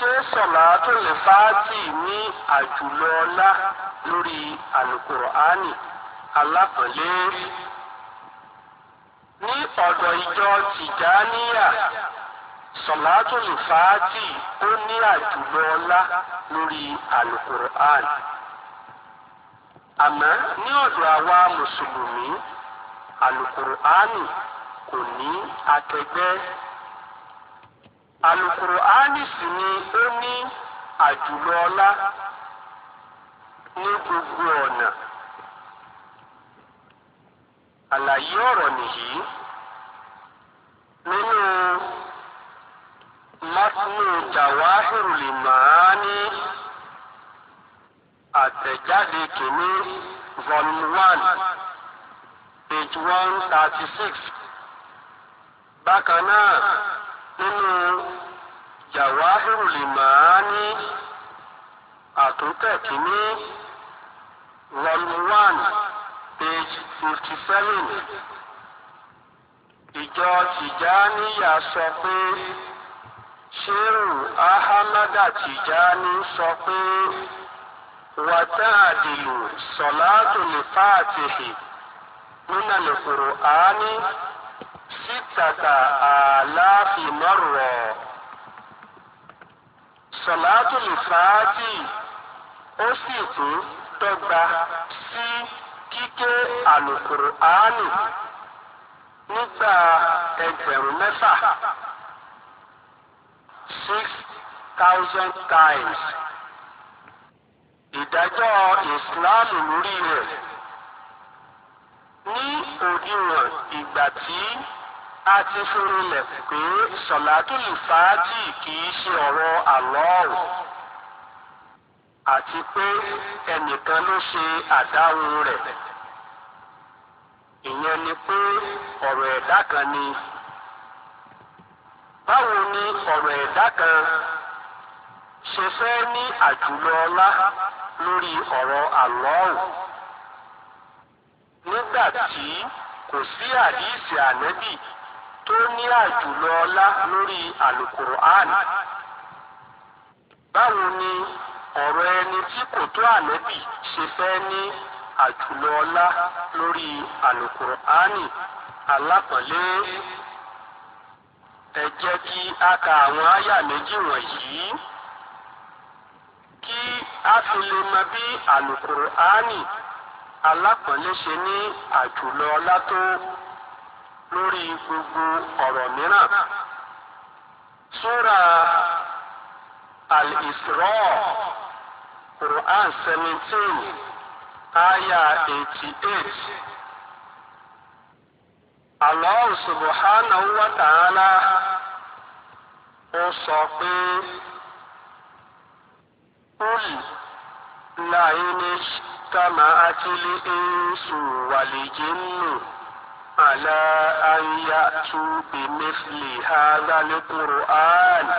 ṣé sọ̀làtò lè fàájì ní àjùlọ ọlá lórí àlùkùránì alápọ̀lé ní ọ̀dọ̀ ìjọ tìjáníyà sọ̀làtò lè fàájì ó ní àjùlọ ọlá lórí àlùkùránì àmọ́ ní ọ̀dọ̀ àwa mùsùlùmí àlùkùránì kò ní akẹgbẹ́ alukur'ani sì ni ó ní àjùlọ ọlá ní gbogbo ọ̀nà àlàyé ọ̀rọ̀ nìyí nínú mọ́tínú jawahirul maani àtẹ̀jáde kìíní volume one page one thirty six bákan náà nínú jàwáhìrù lè máa ní àtúntẹ̀ kínní volume one page fifty seven ìjọ tìjáníyà sọ pé ṣéèrù ahamada tìjáni sọ pé wàtáàdìlù sọ̀láàtò lè fàtìhì nínà lè kùrọ̀ áání sítàtà àlàáfíà mọ́rọ̀ sọ̀látù lè fàájì ó sì tún dọ́gba sí kíké àlùkùránì nígbà ẹgbẹ̀rún mẹ́fà six thousand times ìdájọ́ ìsìláàmù lórí rẹ̀ ní òdiwọ̀n ìgbà tí a ti fúru lẹ̀ pé sọ̀látùl fàájì kì í ṣe ọ̀rọ̀ àlọ́ọ̀rọ̀ àti pé ẹnìkan ló ṣe àdáhùn rẹ̀ ìyẹn ni pé ọ̀rọ̀ ẹ̀dá kan ni báwo ni ọ̀rọ̀ ẹ̀dá kan ṣe fẹ́ ní àjùlọ ọlá lórí ọ̀rọ̀ àlọ́ọ̀hùn nígbà tí kò sí àdíìsì ànẹ́bì tó ní àjùlọ ọlá lórí àlùkùránì. báwo ni ọ̀rọ̀ ẹni tí kò tó àlẹ́bì ṣe fẹ́ ní àjùlọ ọlá lórí àlùkùránì alápọ̀lé ẹ jẹ́ kí a ka àwọn àyà méjì wọ̀nyí kí a fi lè mọ bí àlùkùránì alápọ̀lé ṣe ní àjùlọ ọlá tó. lórí gbogbo ọ̀rọ̀ mìíràn. Súra Al-Isra Quran seventeen aya eighty eight. Allah subhanahu wa ta'ala ó sọ pé kúlì ma ní tàmá àtìlẹ́ jẹ́ على أن يأتوا بمثل هذا القرآن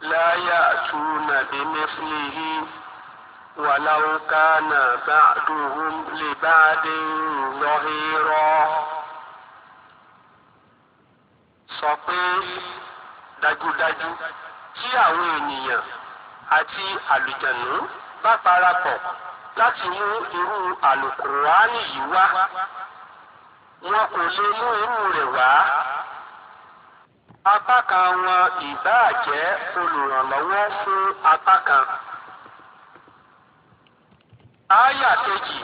لا يأتون بمثله ولو كان بعدهم لبعد ظهيرا sọ pé dájúdájú tí àwọn ènìyàn àti àlùjànnú bá parapọ̀ láti mú irú àlùkùránì yìí wá wọn kò lè mú irú rẹ̀ wá. apá kan wọn ìbáà jẹ́ olùrànlọ́wọ́ fún apá kan. áyà kejì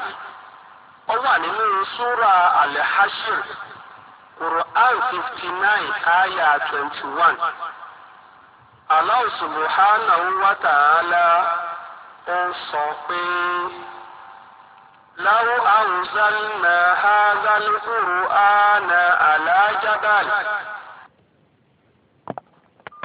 ó wà nínú súra alhashir quran fifty nine áyà twenty one. Allah subhanahu wa tààlà, ó sọ pé. لو أنزلنا هذا القرآن على جبل